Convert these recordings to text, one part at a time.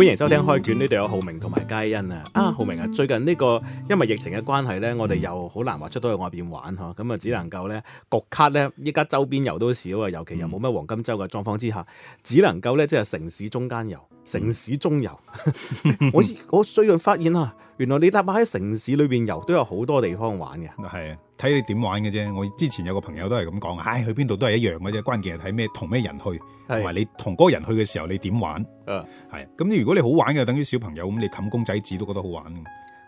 歡迎收聽開卷，呢度有浩明同埋佳欣啊！啊浩明啊，最近呢、呢個因為疫情嘅關係咧，嗯、我哋又好難話出到去外邊玩呵，咁啊、嗯、只能夠咧焗卡咧，依家周邊遊都少啊，尤其又冇咩黃金周嘅狀況之下，只能夠咧即係城市中間遊、城市中遊。我 我最近發現啊，原來你哪怕喺城市裏邊遊都有好多地方玩嘅。係。睇你點玩嘅啫，我之前有個朋友都係咁講，唉，去邊度都係一樣嘅啫，關鍵係睇咩同咩人去，同埋是你同嗰個人去嘅時候你點玩，係咁、嗯。如果你好玩嘅，等於小朋友咁，你冚公仔紙都覺得好玩。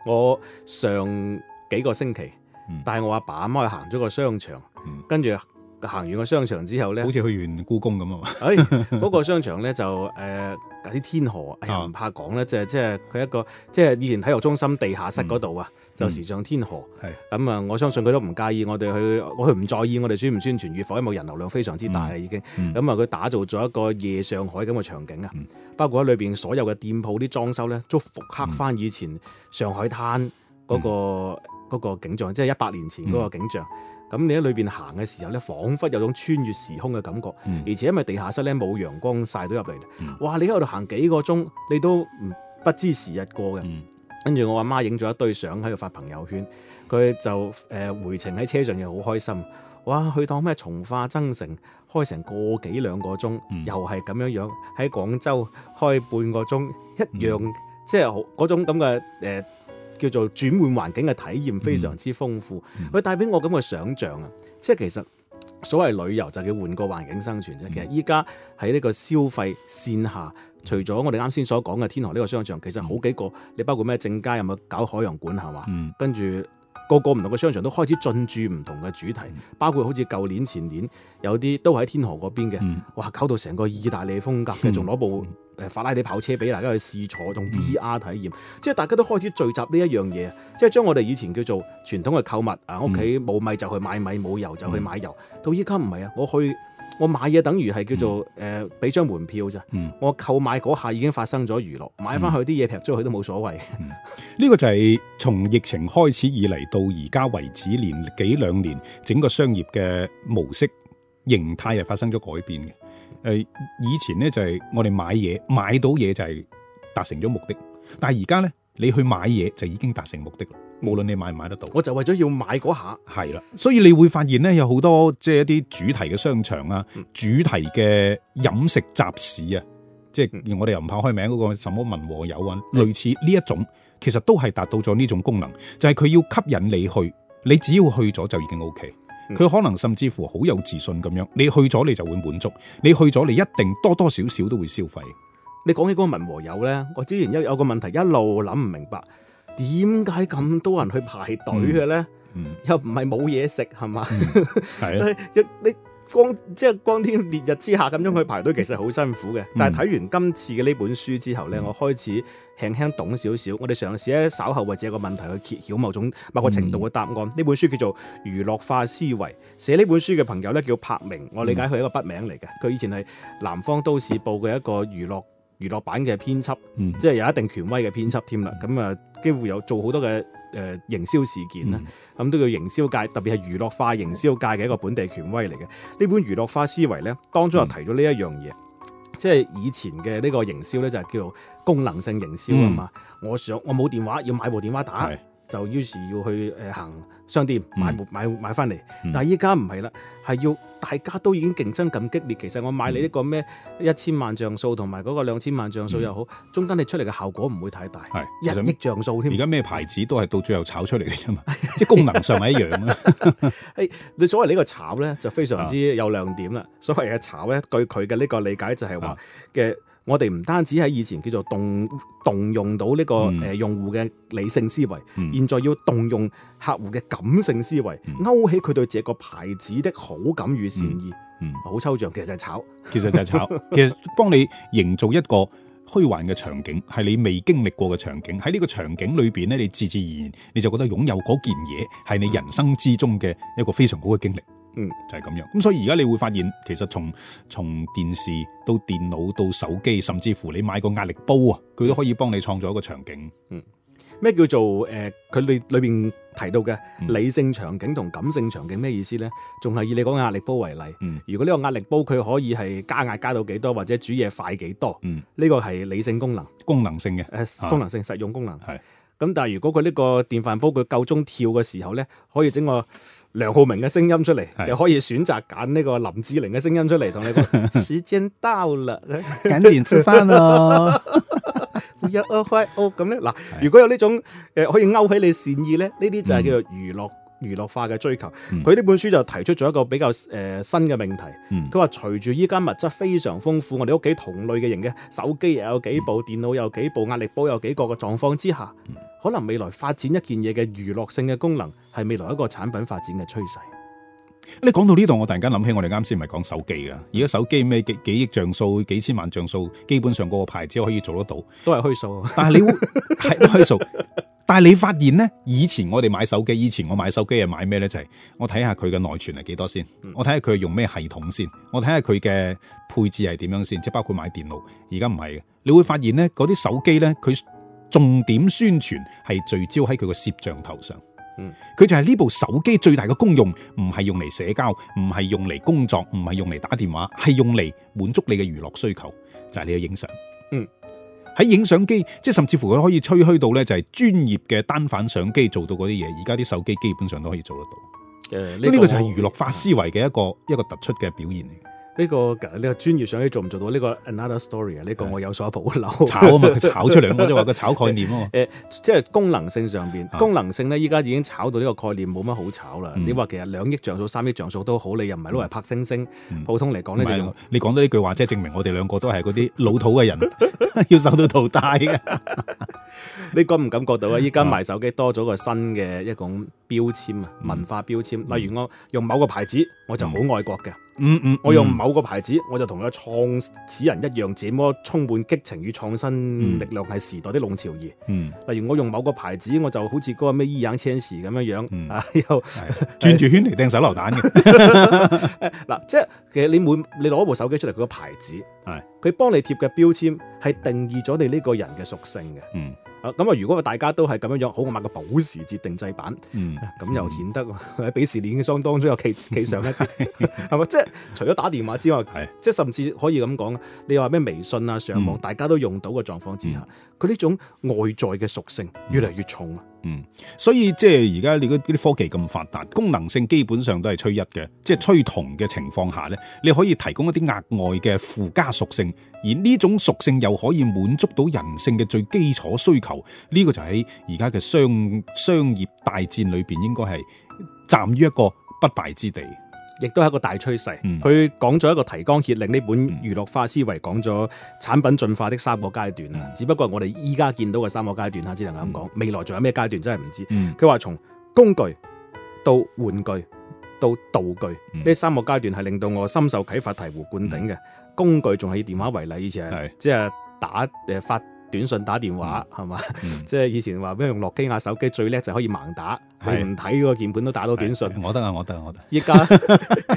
我上幾個星期，帶我阿爸阿媽，媽去行咗個商場，跟住、嗯、行完個商場之後咧，好似、嗯、去完故宮咁啊。誒、哎，嗰、嗰個商場咧就誒有啲天河唔、哎嗯、怕講咧即係即係佢一個即係以前體育中心地下室嗰度啊。嗯就時尚天河，係咁啊！我相信佢都唔介意我哋去，我佢唔在意我哋宣唔宣傳與否，因為人流量非常之大啦已經。咁啊，佢打造咗一個夜上海咁嘅場景啊，包括喺裏邊所有嘅店鋪啲裝修咧，都復刻翻以前上海灘嗰個嗰個景象，即係一百年前嗰個景象。咁你喺裏邊行嘅時候咧，彷彿有種穿越時空嘅感覺。而且因為地下室咧冇陽光曬到入嚟，哇！你喺度行幾個鐘，你都唔不知時日過嘅。跟住我阿媽影咗一堆相喺度發朋友圈，佢就誒、呃、回程喺車上又好開心，哇！去到咩從化增城開成個幾兩個鐘，嗯、又係咁樣樣喺廣州開半個鐘一樣，嗯、即係嗰種咁嘅誒叫做轉換環境嘅體驗非常之豐富，佢帶俾我咁嘅想象啊！即係其實所謂旅遊就叫換個環境生存啫。其實依家喺呢個消費線下。除咗我哋啱先所講嘅天河呢個商場，其實好幾個，你包括咩正佳有冇搞海洋館係嘛？嗯、跟住個個唔同嘅商場都開始進駐唔同嘅主題，嗯、包括好似舊年，年、前年有啲都喺天河嗰邊嘅，嗯、哇！搞到成個意大利風格嘅，仲攞、嗯、部誒、嗯、法拉利跑車俾大家去試坐，用 VR 體驗，嗯、即係大家都開始聚集呢一樣嘢，即係將我哋以前叫做傳統嘅購物啊，屋企冇米就去買米，冇油就去買油，嗯、到依家唔係啊，我去。我買嘢等於係叫做誒，俾張、嗯呃、門票咋？嗯、我購買嗰下已經發生咗娛樂，買翻去啲嘢、嗯、劈出去都冇所謂。呢、嗯這個就係從疫情開始以嚟到而家為止，連幾兩年整個商業嘅模式形態係發生咗改變嘅。誒、呃，以前呢，就係、是、我哋買嘢買到嘢就係達成咗目的，但係而家呢，你去買嘢就已經達成目的咯。無論你買唔買得到，我就為咗要買嗰下，係啦。所以你會發現咧，有好多即係一啲主題嘅商場啊，嗯、主題嘅飲食集市啊，即係我哋又唔怕開名嗰個什麼文和友啊，嗯、類似呢一種，其實都係達到咗呢種功能，就係、係、佢要吸引你去，你只要去咗就已經 O、OK、K。佢、嗯、可能甚至乎好有自信咁樣，你去咗你就會滿足，你去咗你一定多多少少都會消費。你講起嗰個文和友咧，我之前有一有個問題一路諗唔明白。點解咁多人去排隊嘅咧？嗯嗯、又唔係冇嘢食係嘛？係啊！嗯、 你光即係光天烈日之下咁樣去排隊，其實好辛苦嘅。嗯、但係睇完今次嘅呢本書之後咧，嗯、我開始輕輕懂少少。我哋嘗試咧稍後或者有個問題去揭曉某種某個程度嘅答案。呢、嗯、本書叫做《娛樂化思維》，寫呢本書嘅朋友咧叫柏明，我理解佢係一個筆名嚟嘅。佢、嗯、以前係南方都市報嘅一個娛樂。娛樂版嘅編輯，嗯、即係有一定權威嘅編輯添啦。咁啊、嗯，幾乎有做好多嘅誒、呃、營銷事件咧，咁、嗯、都叫營銷界，特別係娛樂化營銷界嘅一個本地權威嚟嘅。呢本《娛樂化思維》咧，當中又提到呢一樣嘢，嗯、即係以前嘅呢個營銷咧，就係叫做功能性營銷啊嘛、嗯。我想我冇電話，要買部電話打。就於是要去誒行商店、嗯、買買買翻嚟，嗯、但係依家唔係啦，係要大家都已經競爭咁激烈。其實我買你呢個咩一千萬像素同埋嗰個兩千萬像素又好，嗯、中間你出嚟嘅效果唔會太大，係一是億像素添。而家咩牌子都係到最後炒出嚟嘅啫嘛， 即係功能上係一樣。誒，你所謂呢個炒咧，就非常之有亮點啦。啊、所謂嘅炒咧，據佢嘅呢個理解就係話嘅。啊啊我哋唔單止喺以前叫做動動用到呢個誒用戶嘅理性思維，嗯、現在要動用客戶嘅感性思維，嗯、勾起佢對這個牌子的好感與善意。嗯嗯、好抽象，其實就係炒，其實就係炒， 其實幫你營造一個虛幻嘅場景，係你未經歷過嘅場景。喺呢個場景裏邊咧，你自自然然你就覺得擁有嗰件嘢係你人生之中嘅一個非常好嘅經歷。嗯，就係咁樣，咁、嗯、所以而家你會發現，其實從從電視到電腦到手機，甚至乎你買個壓力煲啊，佢都可以幫你創造一個場景。嗯，咩叫做誒，佢、呃、哋裏邊提到嘅理性場景同感性場景咩意思呢？仲係以你講壓力煲為例。嗯、如果呢個壓力煲佢可以係加壓加到幾多，或者煮嘢快幾多，呢個係理性功能，功能性嘅、呃，功能性、啊、實用功能係。咁的但係如果佢呢個電飯煲佢夠鐘跳嘅時候呢，可以整個。梁浩明嘅聲音出嚟，的又可以選擇揀呢個林志玲嘅聲音出嚟同你講。 時間到了，趕緊吃飯咯。有開哦咁咧，嗱，如果有呢種誒可以勾起你善意咧，呢啲的就係叫做娛樂。嗯娛樂化嘅追求，佢呢、嗯、本書就提出咗一個比較誒、呃、新嘅命題。佢話隨住依家物質非常豐富，我哋屋企同類型嘅嘢，手機又有幾部，嗯、電腦有幾部，壓力煲有幾個嘅狀況之下，可能未來發展一件嘢嘅娛樂性嘅功能，係未來一個產品發展嘅趨勢。你講到呢度，我突然間諗起我哋啱先唔係講手機噶，而家手機咩幾幾億像素、幾千萬像素，基本上嗰個牌子可以做得到，都係虛數。但係你會係虛數，但係你發現咧，以前我哋買手機，以前我買手機係買咩咧？就係、是、我睇下佢嘅內存係幾多先，我睇下佢用咩系統先，我睇下佢嘅配置係點樣先，即係包括買電腦，而家唔係。你會發現咧，嗰啲手機咧，佢重點宣傳係聚焦喺佢嘅攝像頭上。佢、嗯、就係呢部手機最大嘅功用，唔係用嚟社交，唔係用嚟工作，唔係用嚟打電話，係用嚟滿足你嘅娛樂需求，就係、是、你嘅影相。嗯，喺影相機，即係甚至乎佢可以吹噓到咧，就係專業嘅單反相機做到嗰啲嘢，而家啲手機基本上都可以做得到。誒、嗯、呢、嗯、個就係娛樂化思維嘅一個、嗯、一個突出嘅表現嚟。呢、這個呢、這個專業上去做唔做到呢、這個 another story 啊？呢個我有所保留。炒啊嘛，佢炒出嚟，我即係話佢炒概念咯、啊。誒、呃，即係功能性上邊，啊、功能性咧，依家已經炒到呢個概念冇乜好炒啦。嗯、你話其實兩億像素、三億像素都好，你又唔係攞嚟拍星星。嗯、普通嚟講呢，嗯、就用。你講到呢句話，即係證明我哋兩個都係嗰啲老土嘅人， 要受到淘汰嘅。 你覺唔感覺到啊？依家賣手機多咗個新嘅一種。標籤啊，文化標籤，例如我用某個牌子，我就好愛國嘅、嗯。嗯嗯，我用某個牌子，我就同個創始人一樣，咁充滿激情與創新力量，係、嗯、時代的弄潮兒。嗯，例如我用某個牌子，我就好似嗰、那個咩伊人天使咁樣樣、嗯、啊，又轉住圈嚟掟手榴彈嘅。嗱，即係其實你每你攞部手機出嚟，佢個牌子係，佢幫你貼嘅標籤係定義咗你呢個人嘅屬性嘅。嗯。咁啊！如果大家都係咁樣樣，好，我買個保時捷定制版，咁、嗯、又顯得喺比、嗯、 年臉霜當中有企企上一啲，係咪？ 即係除咗打電話之外， 即係甚至可以咁講，你話咩微信啊上網，嗯、大家都用到嘅狀況之下，佢呢、嗯、種外在嘅屬性越嚟越重。嗯。嗯，所以即係而家你啲科技咁發達，功能性基本上都係趨一嘅，即係趨同嘅情況下咧，你可以提供一啲額外嘅附加屬性，而呢種屬性又可以滿足到人性嘅最基礎需求，呢個就喺而家嘅商商業大戰裏邊，應該係站於一個不敗之地。亦都係一個大趨勢，佢講咗一個提綱挈領呢本娛樂化思維講咗產品進化的三個階段啊，嗯、只不過我哋依家見到嘅三個階段啊，只能夠咁講。嗯、未來仲有咩階段真係唔知。佢話從工具到玩具到道具呢、嗯、三個階段係令到我深受啟發醍醐灌頂嘅。嗯、工具仲係以電話為例，以前係即係打誒發。是是短信打電話係嘛？即係以前話咩用諾基亞手機最叻，就可以盲打，係唔睇個鍵盤都打到短信。我得啊，我得啊，我得、啊。依家在。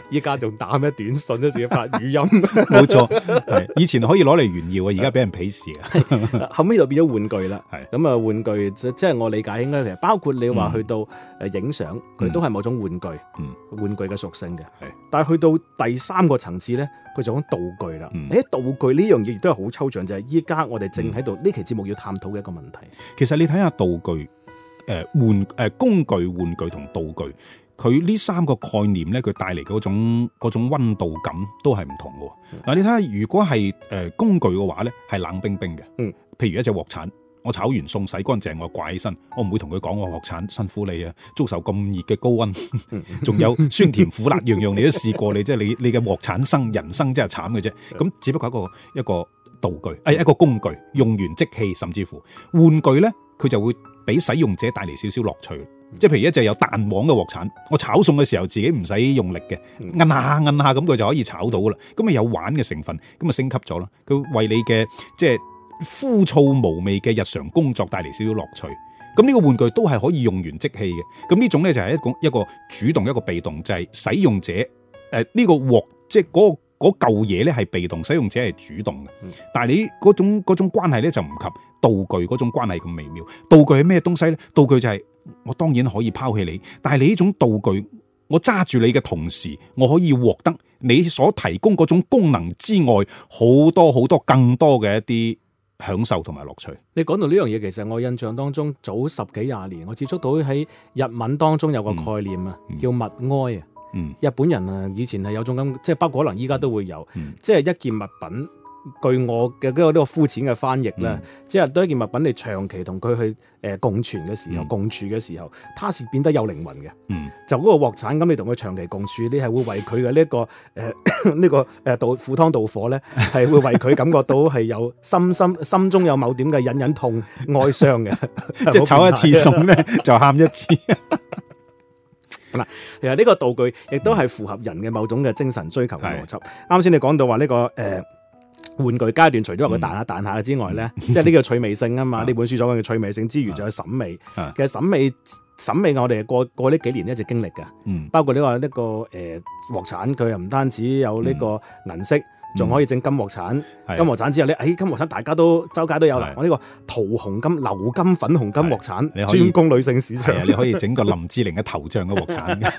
依家仲打咩短信，都自己發語音，冇錯。 以前可以攞嚟炫耀嘅，而家俾人鄙視啊！後尾就變咗玩具啦。係咁啊，玩具即係、就是、我理解應該其實包括你話去到誒影相，佢、嗯、都係某種玩具，嗯、玩具嘅屬性嘅。係是，但係去到第三個層次咧，佢就講道具啦。誒、嗯欸，道具呢樣嘢亦都係好抽象，就係依家我哋正喺度呢期節目要探討嘅一個問題。嗯、其實你睇下道具，誒、呃，玩誒、呃、工具、玩具同道具。佢呢三個概念咧，佢帶嚟嗰種嗰種溫度感都係唔同嘅。嗱、啊，你睇下，如果係誒、呃、工具嘅話咧，係冷冰冰嘅。嗯，譬如一隻鑊鏟，我炒完餸洗乾淨，我掛起身，我唔會同佢講我鑊鏟辛苦你啊，遭受咁熱嘅高溫，仲有酸甜苦辣樣樣，樣你都試過，你即係你你嘅鑊鏟生人生真係慘嘅啫。咁只不過一個一個道具，係、哎、一個工具，用完即棄，甚至乎玩具咧，佢就會俾使用者帶嚟少少樂趣。即係譬如一隻有彈簧嘅鑊鏟，我炒餸嘅時候自己唔使用，用力嘅，摁、嗯、下摁下咁佢就可以炒到噶啦。咁啊有玩嘅成分，咁啊升級咗啦。佢為你嘅即係枯燥無味嘅日常工作帶嚟少少樂趣。咁呢個玩具都係可以用完即棄嘅。咁呢種咧就係一個一個主動一個被動，就係、是、使用者誒呢、呃這個鑊，即係嗰嚿嘢咧係被動，使用者係主動嘅。嗯、但係你嗰種嗰種關係咧就唔及道具嗰種關係咁微妙。道具係咩東西咧？道具就係、是。我當然可以拋棄你，但係你呢種道具，我揸住你嘅同時，我可以獲得你所提供嗰種功能之外，好多好多更多嘅一啲享受同埋樂趣。你講到呢樣嘢，其實我印象當中早十幾廿年，我接觸到喺日文當中有個概念啊，mm hmm. 叫物哀啊。嗯、mm，hmm. 日本人啊，以前係有種咁，即係不過可能依家都會有，mm hmm. 即係一件物品。據我嘅呢個呢個膚淺嘅翻譯咧，即係多一件物品，你長期同佢去誒共存嘅時候，共處嘅時候，他是變得有靈魂嘅。嗯，就嗰個鑊鏟咁，你同佢長期共處，你係會為佢嘅呢個誒呢個誒導赴湯蹈火咧，係會為佢感覺到係有深深心中有某點嘅隱隱痛哀傷嘅，即係炒一次餸咧就喊一次。嗱，其實呢個道具亦都係符合人嘅某種嘅精神追求嘅邏輯。啱先你講到話呢個誒。玩具階段除咗話佢彈下彈下之外咧，即係呢個趣味性啊嘛！呢本書所講嘅趣味性之餘，仲有審美。其實審美審美我哋過過呢幾年一直經歷嘅，包括呢個呢個誒鑊鏟，佢又唔單止有呢個銀色，仲可以整金鑊鏟。金鑊鏟之後咧，誒金鑊鏟大家都周街都有啦。我呢個桃紅金、流金粉紅金鑊鏟，專攻女性市場。你可以整個林志玲嘅頭像嘅鑊鏟。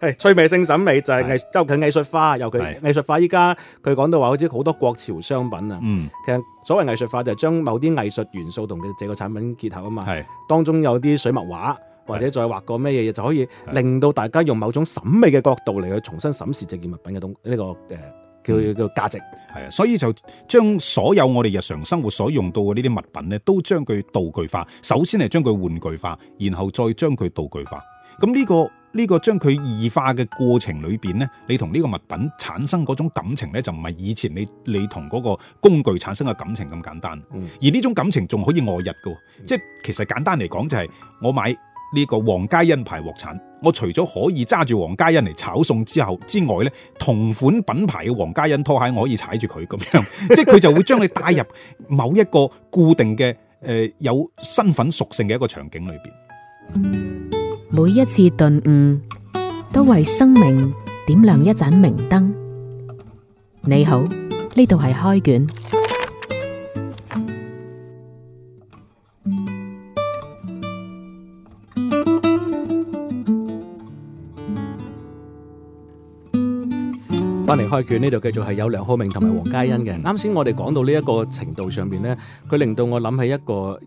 誒，趣味性審美就係藝，尤其藝術化，是尤其藝術化。依家佢講到話，好似好多國潮商品啊。嗯，其實所謂藝術化就係將某啲藝術元素同佢這個產品結合啊嘛。係是，當中有啲水墨畫，或者再畫個咩嘢，嘢是，就可以令到大家用某種審美嘅角度嚟去重新審視這件物品嘅呢、這個誒、這個呃、叫叫價值。係啊、嗯，所以就將所有我哋日常生活所用到嘅呢啲物品咧，都將佢道具化。首先係將佢玩具化，然後再將佢道具化。咁呢、這個。呢個將佢異化嘅過程裏邊呢，你同呢個物品產生嗰種感情呢，就唔係以前你你同嗰個工具產生嘅感情咁簡單，而呢種感情仲可以外溢嘅，即係其實簡單嚟講就係、是、我買呢個皇家欣牌鑊鏟，我除咗可以揸住皇家欣嚟炒餸之後之外呢，同款品牌嘅皇家欣拖鞋，我可以踩住佢咁樣，即係佢就會將你帶入某一個固定嘅誒有身份屬性嘅一個場景裏邊。 每一次頓悟，都為生命點亮一盞明燈。你好，呢度係開卷。翻嚟開卷呢度，繼續係有梁浩明同埋黃嘉欣嘅。啱先我哋講到呢一個程度上邊呢，佢令到我諗起一個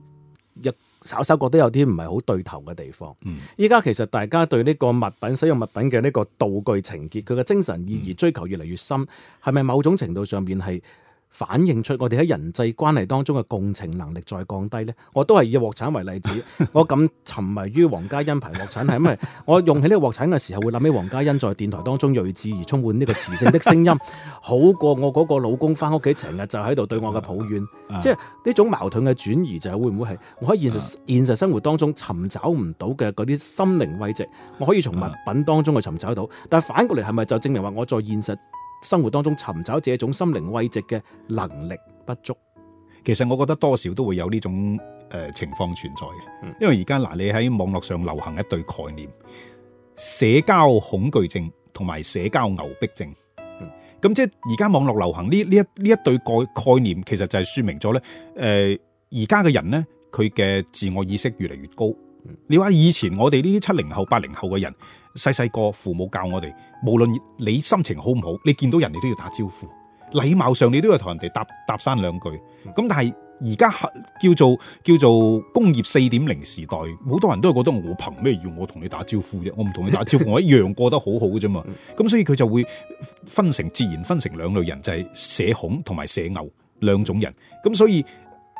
一。稍稍覺得有啲唔係好對頭嘅地方。依家、嗯、其實大家對呢個物品，使用物品嘅呢個道具情結，佢嘅精神意義追求越嚟越深，係咪、嗯、某種程度上邊係，反映出我哋喺人際關係當中嘅共情能力再降低呢，我都係以鑊鏟，為例子。我咁沉迷於黃家欣牌鑊鏟，係因為我用起呢個鑊鏟嘅時候，會諗起黃家欣在電台當中睿智而充滿呢個磁性的聲音，好過我嗰個老公翻屋企成日就喺度對我嘅抱怨。即係呢種矛盾嘅轉移，就係會唔會係我喺現實現實生活當中尋找唔到嘅嗰啲心靈慰藉，我可以從物品當中去尋找到。但係反過嚟係咪就證明話我喺現實。生活當中尋找這種心靈慰藉嘅能力不足，其實我覺得多少都會有呢種誒情況存在嘅。嗯、因為而家嗱，你喺網絡上流行一對概念——社交恐懼症同埋社交牛逼症。咁、嗯、即係而家網絡流行呢呢一呢一對概概念，其實就係説明咗咧誒，而家嘅人咧佢嘅自我意識越嚟越高。嗯、你話以前我哋呢啲七零後、八零後嘅人。細細個父母教我哋，無論你心情好唔好，你見到人哋都要打招呼，禮貌上你都要同人哋搭搭訕兩句。咁但係而家叫做叫做工業四點零時代，好多人都係覺得我憑咩要我同你打招呼啫？我唔同你打招呼，我一樣過得好好嘅啫嘛。咁 所以佢就會分成自然分成兩類人，就係、是、社恐同埋社牛兩種人。咁所以。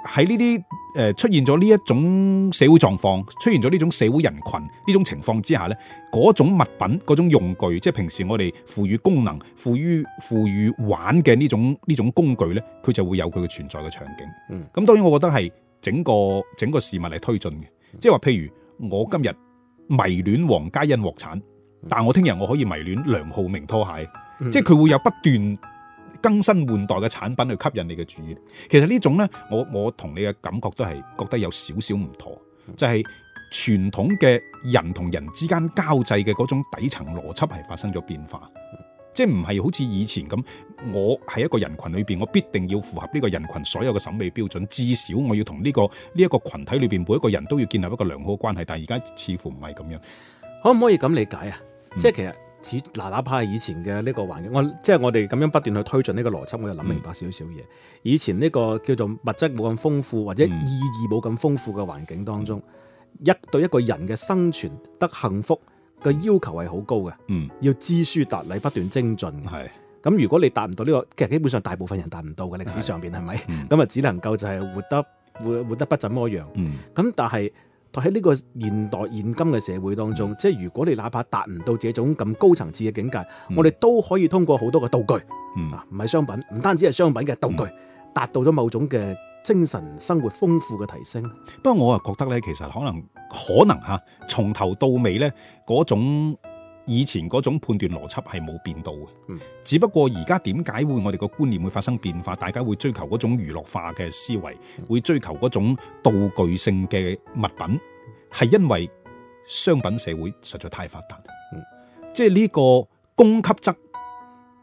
喺呢啲誒出現咗呢一種社會狀況，出現咗呢種社會人群呢種情況之下咧，嗰種物品、嗰種用具，即係平時我哋賦予功能、賦予賦予玩嘅呢種呢種工具咧，佢就會有佢嘅存在嘅場景。嗯，咁當然我覺得係整個整個事物嚟推進嘅，即係話譬如我今日迷戀黃嘉欣鑊產，但係我聽日我可以迷戀梁浩明拖鞋，即係佢會有不斷。更新換代嘅產品去吸引你嘅注意，其實呢種呢，我我同你嘅感覺都係覺得有少少唔妥，就係傳統嘅人同人之間交際嘅嗰種底層邏輯係發生咗變化，即係唔係好似以前咁，我喺一個人群裏邊，我必定要符合呢個人群所有嘅審美標準，至少我要同呢個呢一個群體裏邊每一個人都要建立一個良好嘅關係，但係而家似乎唔係咁樣，可唔可以咁理解啊？即係其實。只嗱，哪怕係以前嘅呢個環境，我即係我哋咁樣不斷去推進呢個邏輯，我又諗明白少少嘢。嗯、以前呢個叫做物質冇咁豐富，或者意義冇咁豐富嘅環境當中，嗯、一對一個人嘅生存得幸福嘅要求係好高嘅，嗯、要知書達理不斷精進。係咁是，如果你達唔到呢、這個，其實基本上大部分人達唔到嘅的歷史上邊係咪？咁啊，嗯、只能夠就係活得活活得不怎麼樣。咁、嗯、但係。喺呢個現代現今嘅社會當中，嗯、即係如果你哪怕達唔到這種咁高層次嘅境界，嗯、我哋都可以通過好多嘅道具，嗯、啊，唔係商品，唔單止係商品嘅道具，嗯、達到咗某種嘅精神生活豐富嘅提升。不過我啊覺得咧，其實可能可能嚇、啊，從頭到尾咧嗰種。以前嗰種判斷邏輯係冇變到嘅，嗯、只不過而家點解會我哋個觀念會發生變化？大家會追求嗰種娛樂化嘅思維，嗯、會追求嗰種道具性嘅物品，係、嗯、因為商品社會實在太發達，嗯，即係呢個供給質，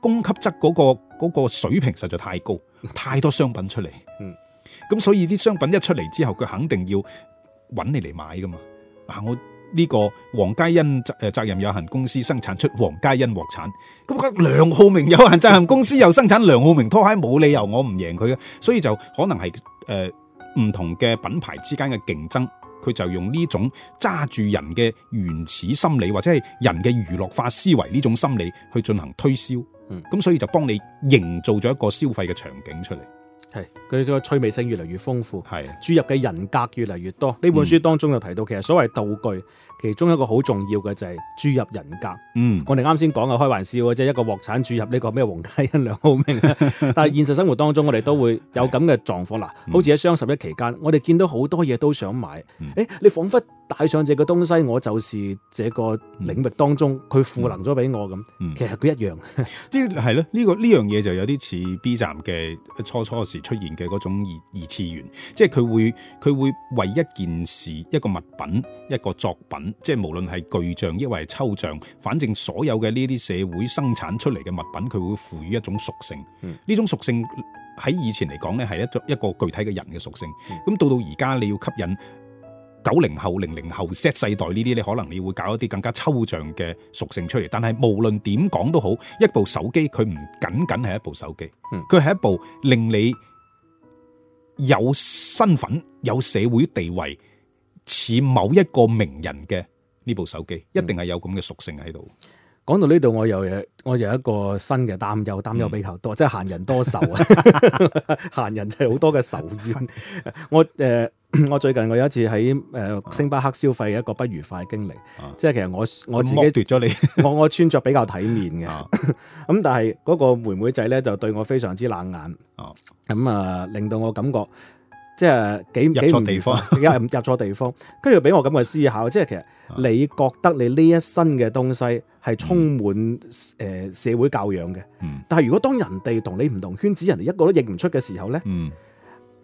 供給質嗰、嗰個、嗰個水平實在太高，太多商品出嚟，咁、嗯、所以啲商品一出嚟之後，佢肯定要揾你嚟買噶嘛，啊我。呢個黃嘉欣誒責任有限公司生產出黃嘉欣鑊產，咁佢梁浩明有限責任公司又生產梁浩明拖鞋，冇理由我唔贏佢嘅，所以就可能係誒唔同嘅品牌之間嘅競爭，佢就用呢種揸住人嘅原始心理或者係人嘅娛樂化思維呢種心理去進行推銷，咁、嗯、所以就幫你營造咗一個消費嘅場景出嚟。係佢個趣味性越嚟越豐富，係的注入嘅人格越嚟越多。呢、嗯、本書當中又提到，其實所謂道具，其中一個好重要嘅就係注入人格。嗯，我哋啱先講嘅開玩笑，即係一個鑊鏟，注入呢、這個咩黃家欣、梁浩明。但係現實生活當中，我哋都會有咁嘅狀況啦，的好似喺雙十一期間，我哋見到好多嘢都想買，嗯、誒，你仿佛。帶上這個東西，我就是這個領域當中，佢賦、嗯、能咗俾我咁。嗯、其實佢一樣，即係咧，呢、這個呢樣嘢就有啲似 B 站嘅初初時出現嘅嗰種二二次元，即係佢會佢會為一件事、一個物品、一個作品，即係無論係具象抑或係抽象，反正所有嘅呢啲社會生產出嚟嘅物品，佢會賦予一種屬性。呢、嗯、種屬性喺以前嚟講咧，係一一個具體嘅人嘅屬性。咁、嗯、到到而家，你要吸引。九零後、零零後 Z 世代呢啲咧，可能你會搞一啲更加抽象嘅屬性出嚟。但係無論點講都好，一部手機佢唔僅僅係一部手機，佢係一部令你有身份、有社會地位似某一個名人嘅呢部手機，一定係有咁嘅屬性喺度。講到呢度，我又有我又一個新嘅擔憂，擔憂比較多，即係閒人多愁啊！閒人就係好多嘅愁怨。我誒。我最近我有一次喺誒星巴克消費一個不愉快嘅經歷，啊、即係其實我我自己奪咗你呵呵，我我穿着比較體面嘅，咁、啊、 但係嗰個妹妹仔咧就對我非常之冷眼，咁啊、嗯、啊令到我感覺即係幾幾唔入錯地，地方，入入錯地方，跟住俾我咁嘅思考，即係其實你覺得你呢一身嘅東西係充滿誒社會教養嘅，嗯嗯、但係如果當人哋同你唔同圈子，人哋一個都認唔出嘅時候咧，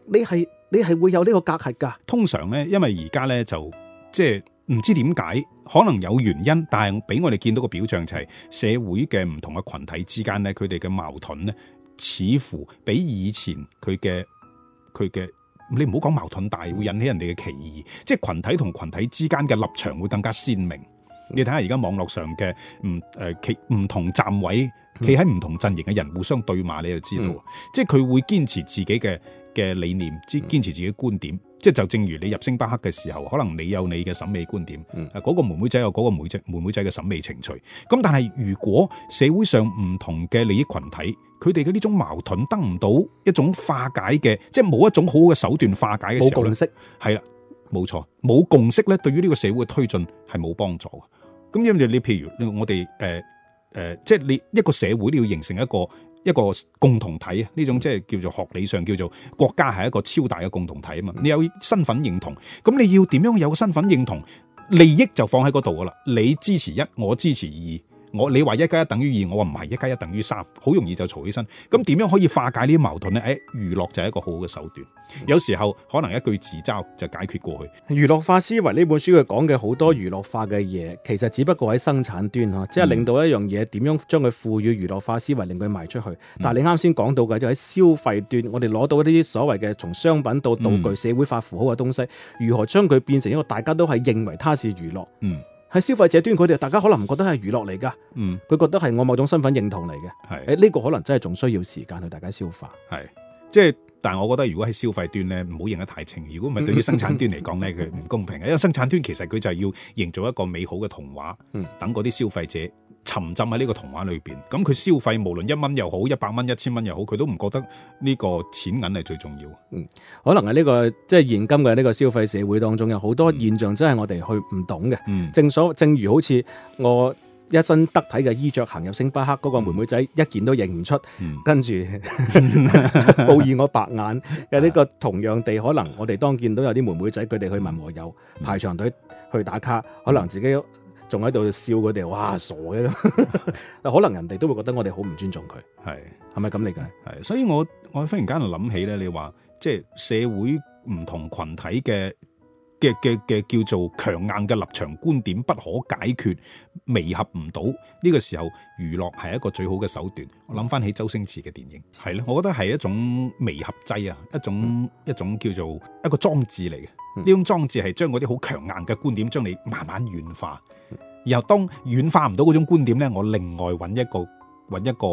你係。你係會有呢個隔閡噶？通常咧，因為而家咧就即係唔知點解，可能有原因，但係俾我哋見到個表象就係、是、社會嘅唔同嘅群體之間咧，佢哋嘅矛盾咧，似乎比以前佢嘅佢嘅你唔好講矛盾大，但係會引起人哋嘅歧義，即係群體同群體之間嘅立場會更加鮮明。嗯、你睇下，而家網絡上嘅唔誒企唔同站位企喺唔同陣營嘅人互相對罵，你就知道，嗯嗯、即係佢會堅持自己嘅。嘅理念，之堅持自己觀點，嗯、即係就正如你入星巴克嘅時候，可能你有你嘅審美觀點，嗰、嗯、個妹妹仔有嗰個妹妹仔妹，妹仔嘅審美情趣。咁但係如果社會上唔同嘅利益群體，佢哋嘅呢種矛盾得唔到一種化解嘅，即係冇一種好嘅手段化解嘅時候，冇共識係啦，冇錯，冇共識呢對於呢個社會嘅推進係冇幫助嘅。咁因為你譬如我哋誒誒，即係你一個社會你要形成一個。一個共同體啊，呢種即係叫做學理上叫做國家係一個超大嘅共同體啊嘛，你有身份認同，噉你要點樣有身份認同？利益就放喺嗰度噶啦，你支持一，我支持二。我你話一加一等於二，我話唔係一加一等於三，好容易就嘈起身。咁點樣可以化解呢啲矛盾呢？誒、哎，娛樂就係一個好好嘅手段。有時候可能一句自嘲就解決過去。娛樂化思維呢本書佢講嘅好多娛樂化嘅嘢，其實只不過喺生產端嚇，嗯、即係令到一樣嘢點樣將佢賦予娛樂化思維，令佢賣出去。但係你啱先講到嘅就喺、是、消費端，我哋攞到呢啲所謂嘅從商品到道具、嗯、社會化符號嘅東西，如何將佢變成一個大家都係認為它是娛樂？嗯。喺消費者端佢哋大家可能唔覺得係娛樂嚟㗎，嗯，佢覺得係我某種身份認同嚟嘅，係，誒呢個可能真係仲需要時間去大家消化，係，即係，但係我覺得如果喺消費端咧唔好認得太清，如果唔係對於生產端嚟講咧佢唔公平嘅，因為生產端其實佢就係要營造一個美好嘅童話，嗯，等嗰啲消費者。沉浸喺呢個童話裏邊，咁佢消費無論一蚊又好，一百蚊、一千蚊又好，佢都唔覺得呢個錢銀係最重要。嗯，可能喺呢、這個即係、就是、現今嘅呢個消費社會當中，有好多現象真係我哋去唔懂嘅。嗯、正所正如好似我一身得體嘅衣着行入星巴克，嗰、那個妹妹仔一件都認唔出，跟住報以我白眼。有呢、嗯、 個同樣地，可能我哋當見到有啲妹妹仔佢哋去文和友排長隊去打卡，可能自己、嗯。仲喺度笑佢哋，哇，傻嘅咁， 可能人哋都會覺得我哋好唔尊重佢。係係咪咁理解？係，所以我我忽然間就諗起咧，你話即係社會唔同群體嘅嘅嘅嘅叫做強硬嘅立場觀點不可解決，彌合唔到，呢個時候，娛樂係一個最好嘅手段。我諗翻起周星馳嘅電影，係咯，我覺得係一種彌合劑啊，一種、嗯、一種叫做一個裝置嚟嘅。呢種裝置係將嗰啲好強硬嘅觀點，將你慢慢軟化，然後當軟化唔到嗰種觀點呢，我另外揾一個、揾一個、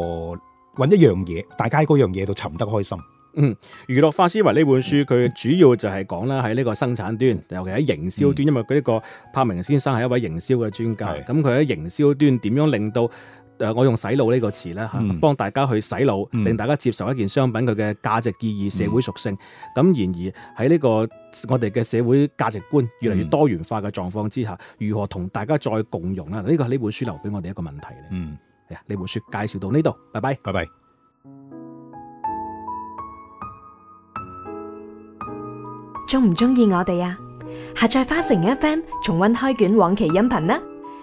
揾一樣嘢，大家喺嗰樣嘢度尋得開心。嗯，娛樂化思維呢本書佢、嗯、主要就係講啦，喺呢個生產端，尤其喺營銷端，嗯、因為佢呢個柏明先生係一位營銷嘅專家，咁佢喺營銷端點樣令到。誒，我用洗腦呢個詞咧吓，嗯、幫大家去洗腦，嗯、令大家接受一件商品佢嘅價值意義、社會屬性。咁、嗯、然而喺呢個我哋嘅社會價值觀越嚟越多元化嘅狀況之下，嗯、如何同大家再共融啦？呢個係呢本書留俾我哋一個問題。嗯，呢本書介紹到呢度，拜拜，拜拜。中唔中意我哋啊？下載花城 FM，重温開卷往期音頻呢。